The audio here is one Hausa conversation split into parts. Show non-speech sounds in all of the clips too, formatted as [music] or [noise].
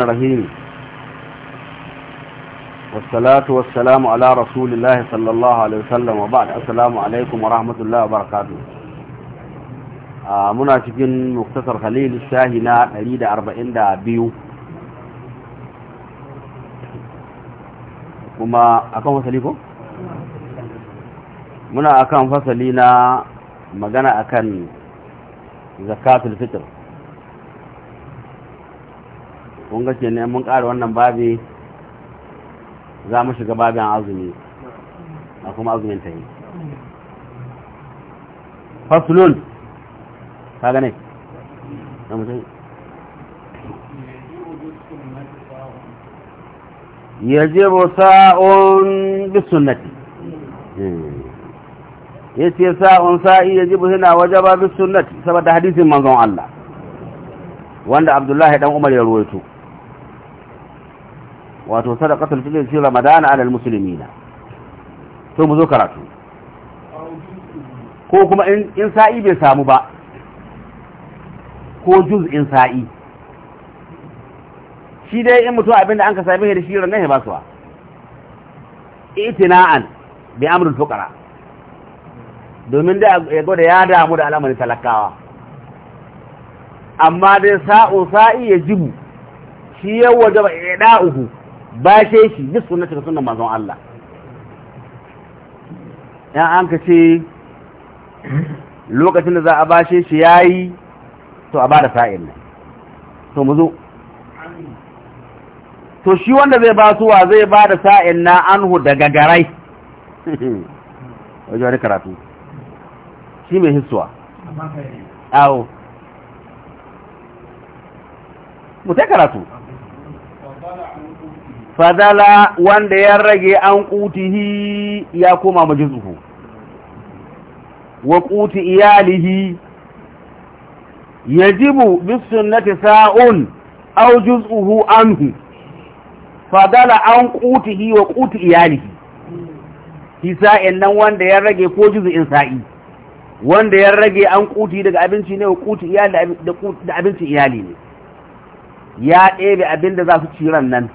الرحيم والصلاة والسلام على رسول الله صلى الله عليه وسلم وبعد السلام عليكم ورحمة الله وبركاته muna cikin muktasar khalil shahi na 142 kuma akan fasali ko? muna akan fasali na magana akan zakatul fitr kun ga ne mun ƙara wannan babi za mu shiga babin azumi a kuma azumin ta yi fasulun ta gane ya je yajibu sa'un bi sunnati hmm. ya ce sa'un sa'i ya yajibu hina ba bi sunnati saboda hadisin manzon Allah wanda Abdullahi dan Umar ya ruwaito wato sadaqatul fitr fi ramadan ala almuslimina to mu zo karatu ko kuma in sa'i bai samu ba ko juz in sa'i shi dai in mutum abinda an ka sami da shi ranar ya suwa itina'an bi amrul fuqara domin da ya gode ya damu da al'amarin talakawa amma dai sa'o sa'i ya jibu shi ya ba ya da'uhu bashe shi duk sunnati cika sunnan manzon Allah yan an ka ce lokacin da za a bashe shi yayi to a bada sa'in nan to mu zo to shi wanda zai ba suwa zai ba da sa'in na anhu daga garai [laughs] wajen wani karatu shi mai hissuwa awo mu ta karatu fadala wanda ya rage an kutihi ya koma majizuhu wa kuti iyalihi yajibu bis sunnati sa'un aw juz'uhu anhu fadala an kutihi wa kuti iyalihi hisa'in nan wanda ya rage ko juz'in sa'i wanda ya rage an kuti daga abinci ne wa kuti iyali da abincin iyali ne ya ɗebe abinda za su ci ran nan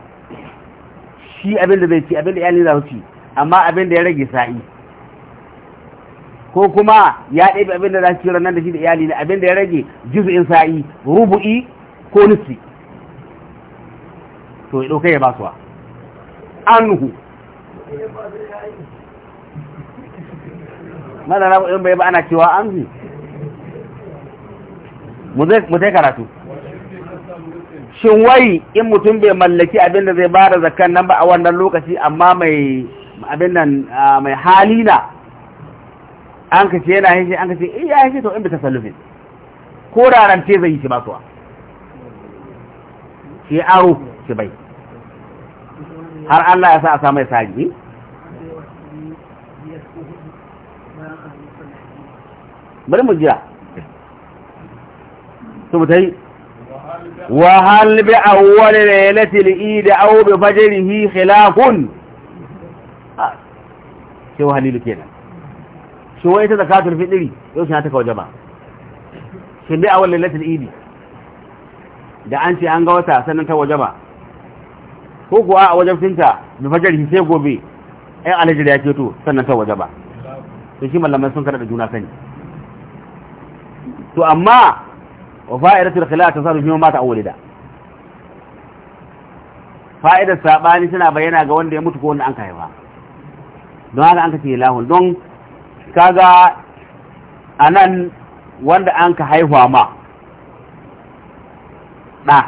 shi abin da zai ci abin da za su ci amma abin da ya rage sa'i ko kuma ya ɗabi abin da za su ci ranar da shi da iyali ne abin da ya rage in sa'i rubu'i ko nufi to ya ɗauka ya ba suwa anhu na in bai ba ana cewa anhu mu zai karatu shin wai in mutum bai mallaki abin da zai ba da zakan nan ba a wannan lokaci amma mai abin nan mai hali na an ka ce yana hishe an ka ce iya eh, hishe to in bi tasallufin ko rarante zai yi shi ba basuwa shi aro shi bai har Allah ya sa a samu saji eh? bari mu jira to mu وهل بأول ليلة الإيد أو بفجره خلاف شو هليل كينا شو إيه زكاة الفطر يوش هاتك وجبا شو بأول ليلة الإيد da an ce an ga wata sannan ta wajaba ko kuwa a wajabcinta da fajar sai gobe ai alajir ya ceto sannan ta wajaba to shi mallamai sun da juna sani to amma wa fa'idatul khilaf tasaru bi ma ta'awulida fa'idar sabani tana bayyana ga wanda ya mutu ko wanda an haifa don haka an kace lahun don kaga anan wanda an ka haihuwa ma da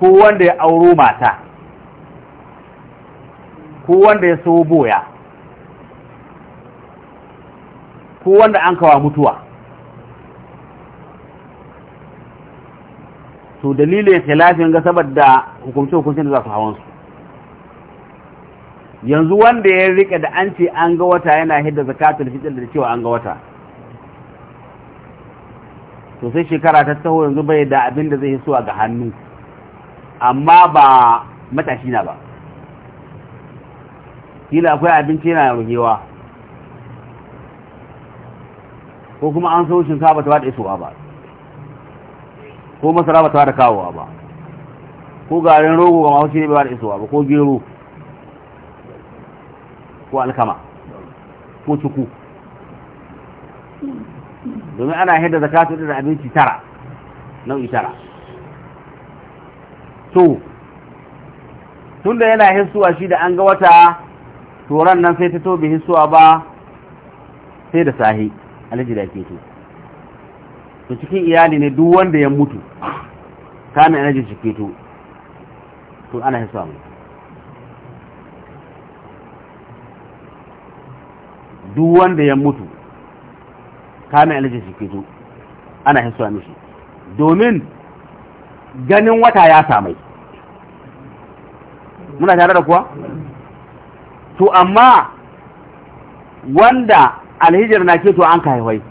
ko wanda ya auro mata ko wanda ya so boya ko wanda an kawa mutuwa to dalilin khilafin ga saboda hukumce hukuncin da za su hawan su yanzu wanda ya rike da an ce an ga wata yana hidda zakatul fitr da cewa an ga wata to sai shekara ta taho yanzu bai da abin da zai yi suwa ga hannu amma ba matashi na ba kila akwai abinci yana rugewa ko kuma an so shinkafa ta ba da isowa ba ko masara ba ta da kawowa ba ko garin rogo ga mafi ne ba da isowa ba ko gero ko alkama ko cuku domin ana hidda su da abinci tara nau'i tara to tun da yana hissuwa shi da an ga wata turan nan sai ta tobe hissuwa ba sai da sahi alhaji da ke to to cikin iyali ne duk wanda ya mutu kamin ana jin cike to to ana hisa mu duk wanda ya mutu kamin ana jin cike to ana hisa mishi domin ganin wata ya samai muna tare da kuwa to amma wanda alhijir na ke to an ka haifai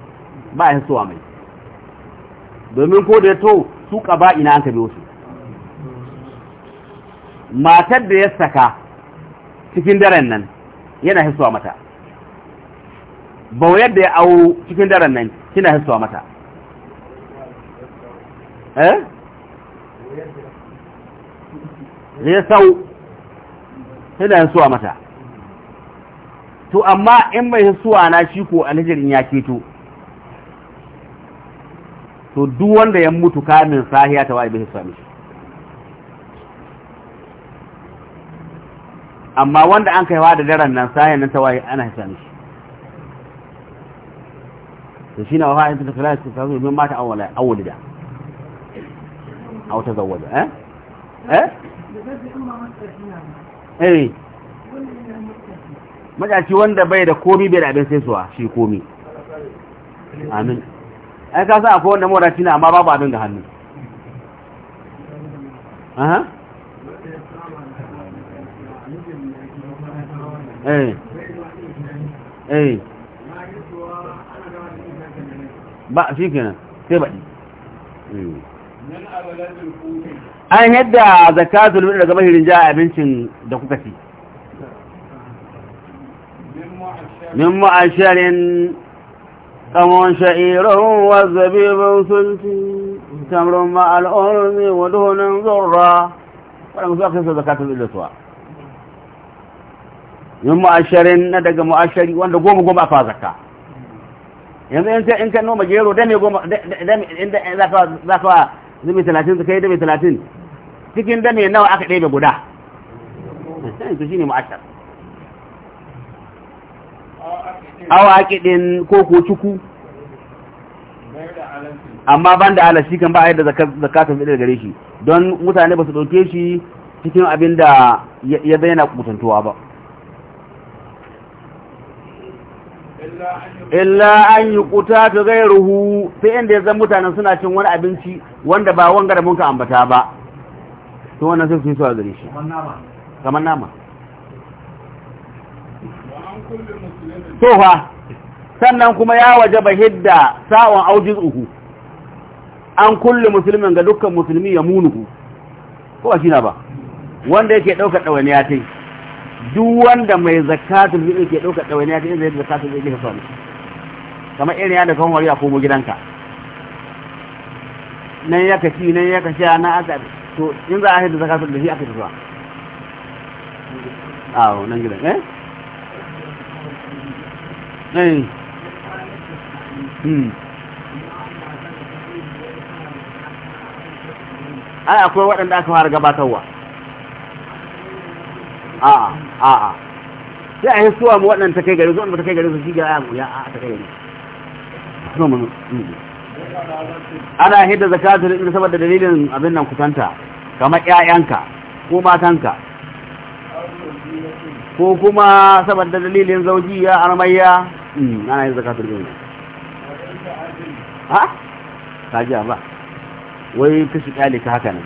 ba a hisuwa mai domin ko da ya to su ƙaba ina an ka biyo su matar da ya saka cikin daren nan yana hisuwa mata bauyar da ya awo cikin daren nan kina hisuwa mata eh zai sau kina hisuwa mata to amma in mai hisuwa na shi ko alhijirin ya ceto to duk wanda ya mutu kamin sahiya ta wajibi sami shi amma wanda an kaiwa da daren nan sahiya nan ta wajibi ana sami shi na shine wa fa'in ta kala ta zo min mata awwala da aw zawada eh eh eh majaci wanda bai da komi bai da abin sai suwa shi komi amin ai ka san akwai wanda mora tina amma babu abin da hannu aha eh eh ba shi kenan sai baɗi hmm. an yadda zakatul zulmi daga mahirin ja abincin da kuka ci min mu'asharin قم شعير وزبيب ثلث تمر مع الأرض ودهن ذرة ولم يؤخذ زكاة الإلتواء yin mu'asharin na daga mu'ashari wanda goma goma fa zakka yanzu in ka noma gero dame goma dame inda za za ka zubi ka yi dame 30 cikin dame nawa aka ɗebe guda to shine mu'ashar awa kiɗin ko ko cuku amma ban da alashi kan ba a yadda zakatun da gare shi don mutane ba su ɗauke shi cikin abin da ya zaina kusantowa ba illa an yi kuta ta ruhu, sai inda ya zan mutane suna cin wani abinci wanda ba wanga da munka ambata ba to wannan sai su yi suwa gare shi kamar nama tofa sannan kuma ya waje ba hidda sa'on aujiz uku an kulle musulmin ga dukkan musulmi ya munuku? ko a shina ba wanda yake ɗaukar ɗawainiya ta yi duk wanda mai zakatun fitr ke ɗaukar ɗawainiya ta inda yake zakatun zai ka sani kamar irin yadda kan wari a komo gidanka nan ya kashi nan ya kaci na aka to in za a haɗa zakatun da shi aka tafiya a nan gidan eh Eh. Hmm. ai akwai waɗanda aka fara gabatarwa a a a sai a yi suwa mu waɗanda ta kai gari zuwa ta kai gari su shi gara mu ya a ta kai gari ana hidda zakatu da inda saboda dalilin abin nan kusanta kamar ƴaƴanka ko matanka ko kuma saboda dalilin zaujiya armayya ana hmm, yin zakatul gani ha ta ji ba wai ka shi kyale ka haka nan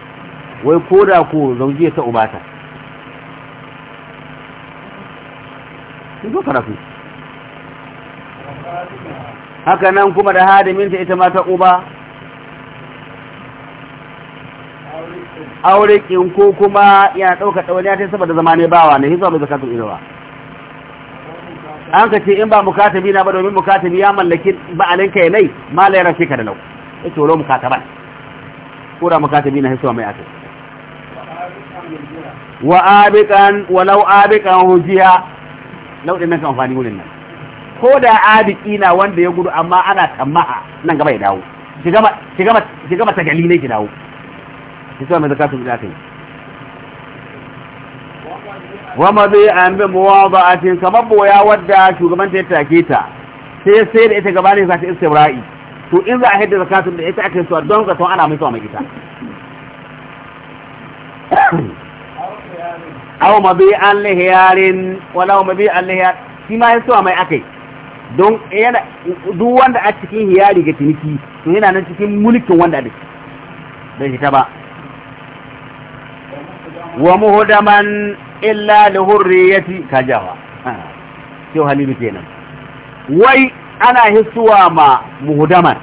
wai ko da ko zauji zaujiya ta ubata sun zo karatu haka nan kuma da hadiminta ita ma ta uba aure ko kuma yana ɗauka ɗauniya ta saboda zama ne bawa ne hizo bai zakatul ilawa an ka ce in ba mukatabi na ba domin mukatabi ya mallaki ba'alinka ya nai ma la yaran ka da lau. ya ce wala mukataban ko da mukatabi na hisuwa mai akai wa abiqan walau abikan hujiya lau din nan kan amfani wurin nan ko da abiki na wanda ya gudu amma ana tamaha nan gaba ya dawo shiga shiga shiga mata gali ne ki dawo hisuwa mai zakatu da kai wama zai ba a muwada'atin kamar boya wadda shugaban ta take ta sai sai da ita gabanin za ta istibra'i to in za a hidda zakatun da ita ake so don ka son ana mai so mai ita [coughs] aw mabi an lihiyarin wala mabi an lihiyar shi ma yaso mai akai don yana duk wanda a cikin hiyari ga tiniki to yana nan cikin mulkin wanda da da shi ta ba wa muhudaman illa li hurriyati kajawa ah, sai halilu kenan wai ana hisuwa ma muhdaman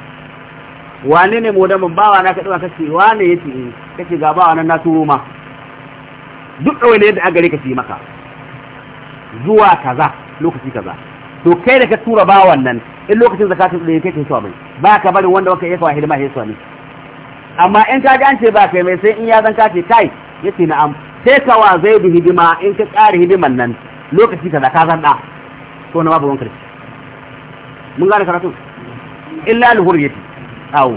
wani ne muhdaman bawa na kaduwa kace wane yace eh kace ga bawa nan na turo ma duk da ne yadda an gare ka ci maka zuwa kaza lokaci kaza to kai da ka tura bawan nan in lokacin zakatun da yake kai suwa bai ba ka bari wanda wanka yake wa hidima hisuwa ne amma in ka ji an ce ba kai mai sai in ya zan kace kai yace na'am sai ka wa zai da hidima in ka tsara hidiman nan lokaci ka zan ko to na babu wankar mun gane karatu illa al-hurriyati aw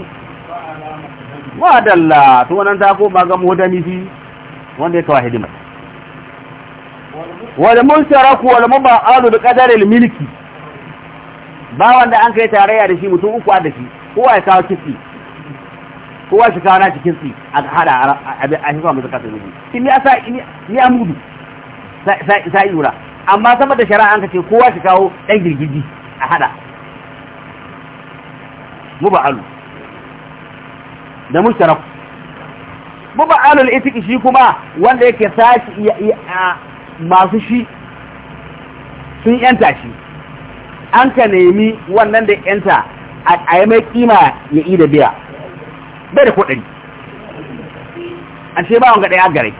wa dalla to wannan ta ko ba ga modani fi wanda ya kawo hidima wal munsaraku wal mubaalu bi qadari al-milki ba wanda an kai tarayya da shi mutum uku a da shi kowa ya kawo kifi kowa shi kawana na cikin su a hada a hisuwa mai zakatar rubu In ya sa ni a mudu sa wura. amma sama da shari'a an kace kowa shi kawo dan girgiji a hada alu da mu Mu ba alu al-itiqi shi kuma wanda yake sashi masu shi sun yanta shi an ka nemi wannan da yanta a yi mai kima ya yi da biya bai da ko ɗari an ce ba wanga ɗaya gare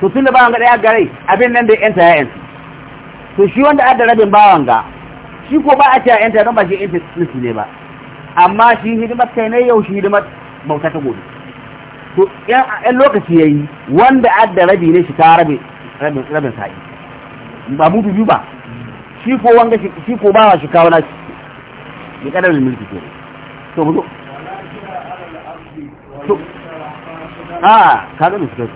to tun da ba wanga ɗaya gare abin nan da yanta ya yanta to shi wanda adda rabin ba wanga shi ko ba a ce yanta don ba shi yanta nufi ne ba amma shi hidimar kai na yau shi hidimar bauta ta gobe to yan lokaci ya yi wanda adda rabi ne shi ta rabin sa'i ba mutu biyu ba shi ko wanga shi ko shi kawo na shi ya kadar da mulki ke to mu zo ka a kaga kai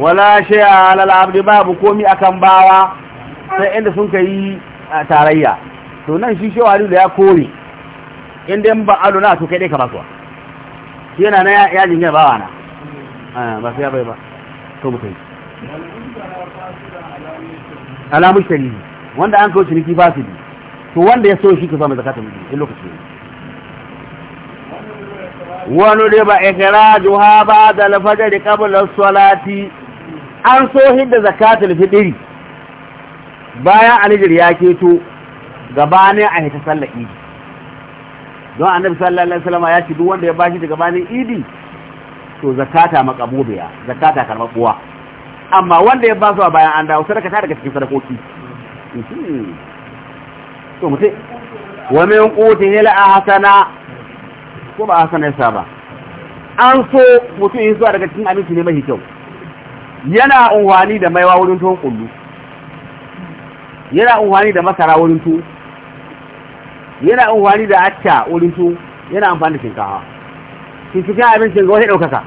wala shay'a alal abdi babu komi akan bawa sai inda sun kai tarayya to nan shi walu da ya kore inda in ba aluna to kai dai ka basuwa shi yana na ya jinga bawa na ba sai bai ba to kai alamu shari'i wanda an kawo ciniki fasidi to wanda ya so shi ka samu zakatun in lokaci ne wani riba ikiraju ha ba da alfajari kabilar salati an so hidda zakatul fidiri. bayan alijir ya keto gabanin a hita sallar idi don annabi sallallahu alaihi wasallam ya ce duk wanda ya bashi da gabanin idi to zakata makabubiya zakata karbabuwa amma wanda ya basu a bayan an dawo sadaka ta daga cikin sadakoki hmm. to mutai wa min qutil hasana ko ba a sanar ba an so mutum yin zuwa daga cikin abinci ne mai kyau yana unwani da maiwa wurin tuwon kullu yana unwani da masara wurin tuwo yana unwani da acca wurin tuwo yana amfani da shinkawa shi cikin abincin ga wani ɗaukaka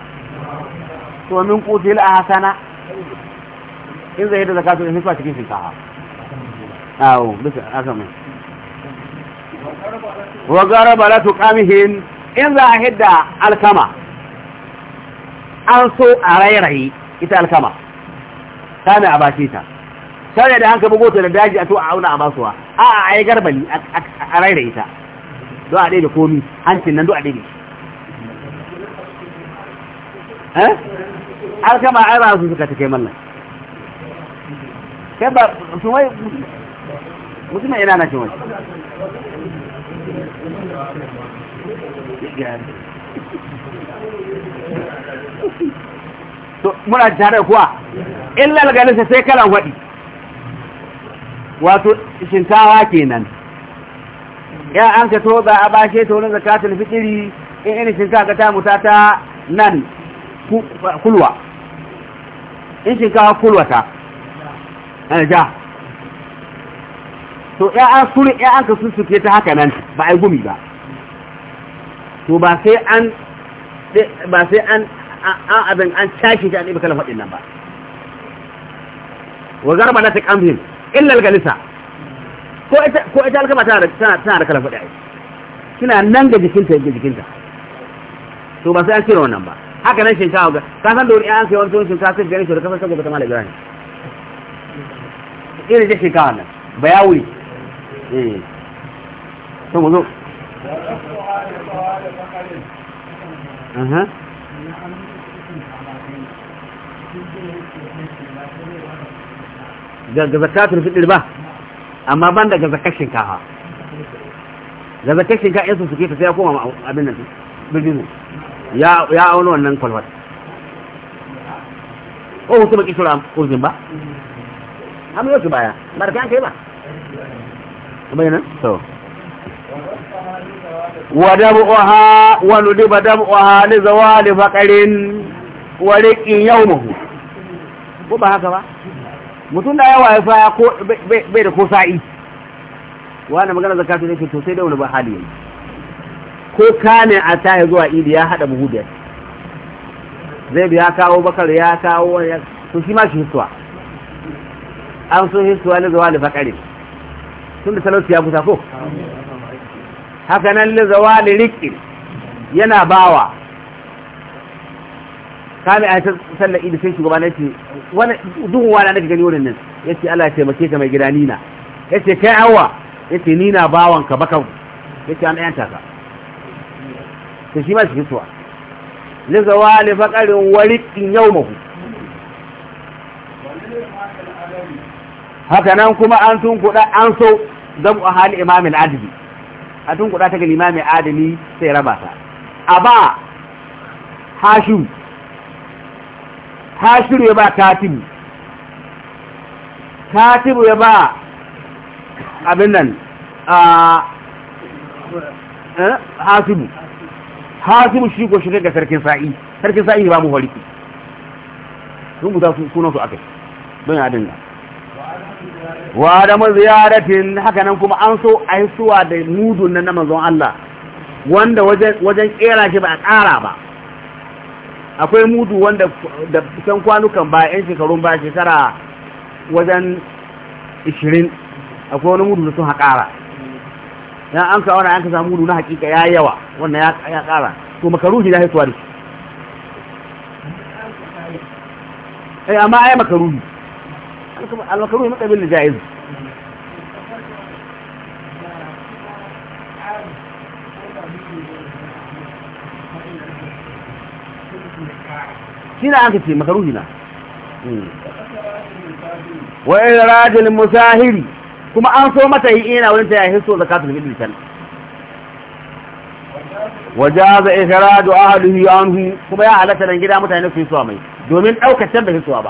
to min kuti a hasana in zai yi da zakatu in fita cikin shinkawa awo bisa aka mai wa za su tuqamihin in za a hidda alkama an so a rairayi ita alkama kana a bashi ta sauya da hanka bugoto ta da daji a to a auna a basuwa a a yi garbali a rairayi ta do a daidai komi hancin nan do a daidai eh alkama a yara su suka take mallan kai ba su mai mutum ina na shi wani gane to muna tare kuwa illal galisa sai kala wadi wato shinkawa kenan ya an ka toza a bashe ta wurin zakatul fitri in ina shinkawa ta mutata nan kulwa in shinkawa kulwata ana eh, ja to ya an kuri ya an ka sunsuke ta haka nan ba ai gumi ba to ba sai an ba sai an a abin an tashi shi an ɗiba kalmar faɗin nan ba wa garba na ta ƙamfin illal galisa ko ita alkama tana da kalmar faɗi kina nan ga jikinta ga jikinta to ba sai an kira wannan ba haka nan shinkawa ga ka san dori an sai wani tuwon shinkawa sai gani shi da kasar saboda ta malar ne. irin da shinkawa nan ba ya wuri eh to mu zo daga zakatun fitir ba amma ban daga zakashin shinkafa da zakashin shinkafa yansu suke ta sai ya koma abin nan birnin ya auna wannan kwalwar ko hutu baki shura kurzin ba amma yau ki baya ba da kayan kai ba bayanan so ودمعها وندب دمعها لزوال فقر ورق يومه ko ba haka ba mutum da yawa ya faya ko bai da ko sa'i wani magana zakatu ne ke to sai da wani ba hali yayi ko kane a ta zuwa idi ya hada buhu da zai biya kawo bakar ya kawo ya to shi ma shi hiswa an so hiswa ne zuwa da bakare tun da talauci ya kusa ko haka nan lizawali riƙi yana bawa kame a sallar idi sai shugaba na ce duhun wani na gani wurin nan ya ce Allah ya taimake ka mai gida nina ya ce kai awa ya ce nina bawan ka baka ya ce an ayanta ka ta shi ma shi fitowa lizawali fakarin wariƙin yau mahu haka nan kuma an tun kuɗa an so zan a hali imamin adibi a tun kuɗa ta ga limami adami sai raba ta a ba hashim hashim ya ba katibu katibu ya ba abin nan a hashim eh, hashim shi ko shi ga sarkin sa'i sarkin sa'i ba mu wariki sun buta sunan su aka don ya dinga wa da maziyaratin haka nan kuma an so a yi suwa da mudun nan na manzon Allah wanda wajen kera shi ba a ƙara ba akwai mudu wanda da san kwanukan ba 'yan shekarun ba shekara wajen 20 akwai wani mudu da sun haƙara ya an ka wani an ka samu mudu na hakika ya yawa wannan ya ƙara to makaruhi na haisuwa da shi eh, amma ai makaruhi المكروه مقابل الجائز هنا عقدت مكروه هنا وإلى راجل مساهري كما أنصر متى يئينا وإنت يحسو زكاة المدل كان وجاز إخراج أهله عنه كما يا أهلتنا نجد أمتها نفسه سوامي دومين أو كتب في سوامي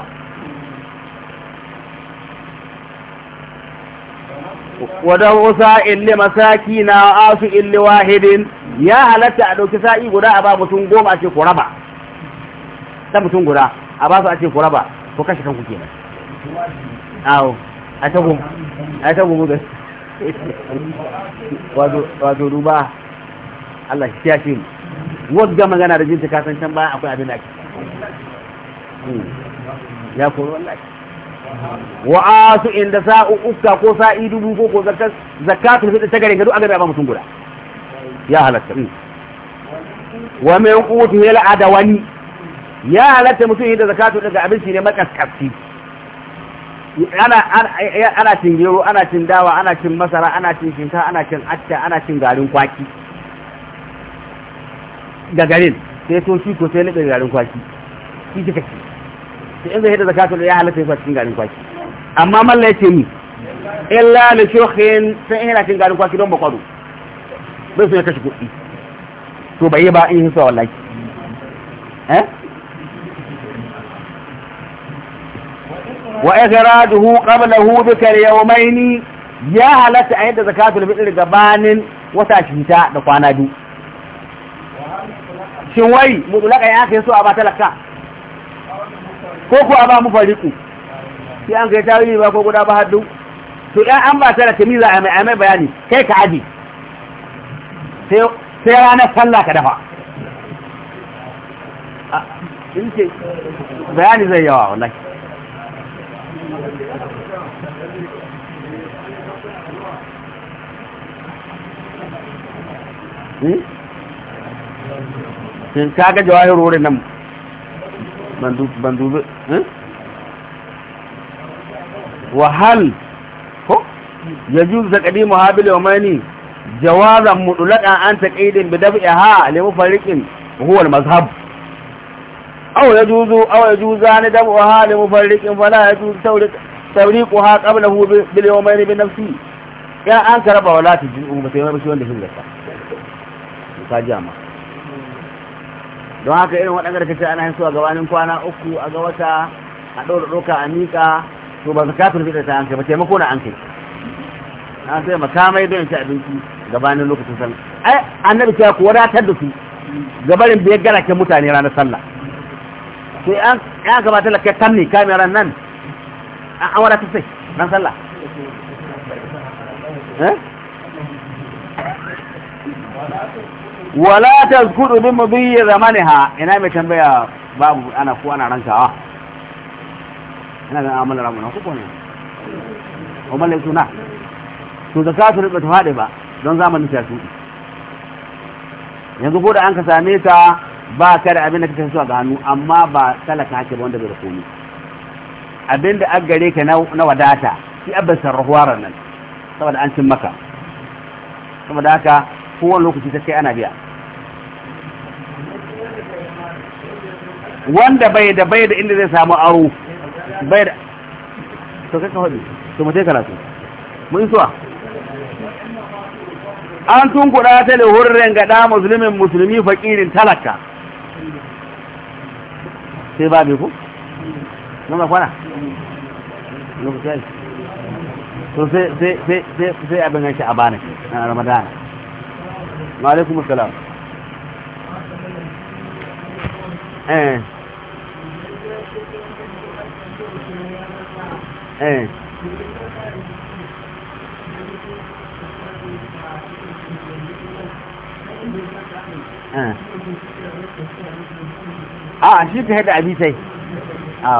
wadau sa'in li masakina wa asu ille wahidin ya halatta a ɗauki sa'i guda a ba mutum goma a ce ku raba ta mutum guda a ba su a ce ku raba ko kashe kanku ke nan. awo a ta gumu a ta gumu da wato duba Allah shi ya ce mu wadda magana da jinta kasan can baya akwai abin da ake ya koro wallahi wa asu inda sa'u uska ko sa'i dubu ko ko zakat zakatul ta garin gado aga da ba mutum guda ya halatta mm. wa min qutihi al adawani ya halatta mutum da zakatu daga abinci ne makaskafi ana ana cin gero ana cin dawa ana cin masara ana cin shinkafa ana cin atta ana cin garin kwaki ga garin sai to shi ko sai ne garin kwaki shi kake to in zai hada zakatul ya halatta ya cikin garin kwaki amma malla yace ni illa li shukhin sai ina cikin garin kwaki don bakwado bai so ya kashe kuɗi to bai yi ba in yi hisa wallahi eh wa ikraduhu qablahu bi kal yawmayn ya halatta ayyada zakatul fitr gabanin wata shita da kwana biyu shin wai mutlaka ya kai so a ba talaka ko ku ba mu fariku sai an kai tarihi ba ko guda ba haddu to ɗan an ba tara tamiza a mai a mai bayani kai ka aji sai ranar sallah ka dafa in ce bayani zai yawa wallahi hmm? Sun kaga jawahirorin nan ban dubi eh? wahal ko ya juzu ta ƙadi muhabili wa mani jawazan mutulaƙa an ta ƙaidin bi dafi ha lemu fariƙin huwal mazhab aw ya juzu aw ya juzu ni dafi ha lemu fariƙin fala ya juzu tauriku ha ƙabla hu bil yau mai nafsi ya an karaba wala ta jizu ba sai mai bashi wanda shi zaka ka ji don haka irin waɗanda da kace ana yin su a gabanin kwana uku a ga wata a ɗora ɗoka a miƙa to ba zakatun fitr ta an kai ba taimako na an kai an sai makamai don ci abinci gabanin lokacin sallah ai annabi ta ku wadatar da su gabarin biyar gara ke mutane ranar sallah sai an an gaba ta lakai tanni kameran nan an awara ta sai ran sallah eh wala tazkuru bi mudhi zamaniha ina mai tambaya babu ana ko ana rankawa ina da amala na, ko ne o mallai suna to ka ba ta fade ba don zamanin ta su yanzu ko da an ka same ta ba ka da abin da kake so ga hannu amma ba talaka hake ba wanda bai da komai abin da aggare ka na wadata shi abin sarrafuwa nan saboda an cin maka saboda haka kowane lokaci ta kai ana biya wanda bai da bai da inda zai samu aro bai da to kaka hudu to mutai karatu mun suwa an tun kuɗa ta da hurren gaɗa musulmin musulmi fakirin talaka sai ba ku nan ba kwana to sai abin ganshi a bane na ramadana ma'alaikumussalam eh eh, eh. a ah, shi ka haɗa sai, a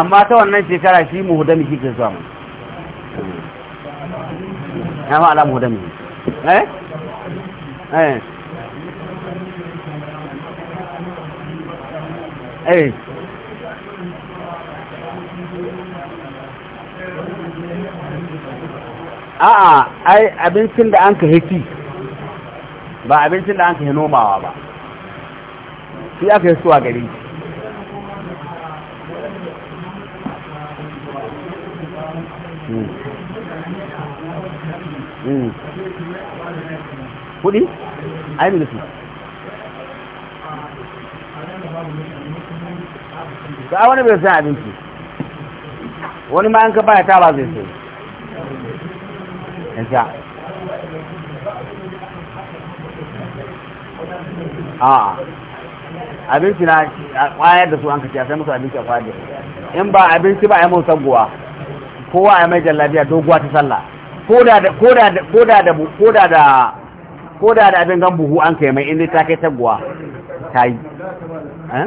amma ta wannan shekara shi muhudami miki ke zuwa mu ya ma'ala miki eh eh eh a'a ai abincin da an ka haifi ba abincin da an ka nomawa ba shi aka yi suwa gari hmm. hmm. kudi? ai minusu ba wani bai san abinci wani ma an ka baya ta ba zai so in a abinci na a kwayar da su an kace sai musu abinci a kwayar in ba abinci ba a yi mun sabuwa kowa a mai jallabiya doguwa ta sallah koda da koda koda da koda da koda da abin gan buhu an kai mai inda ta kai taguwa ta yi eh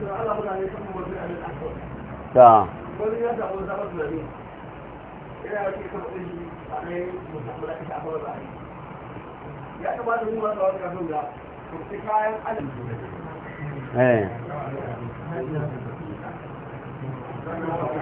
ta ya kamata Ya. ba da wani eh. kafin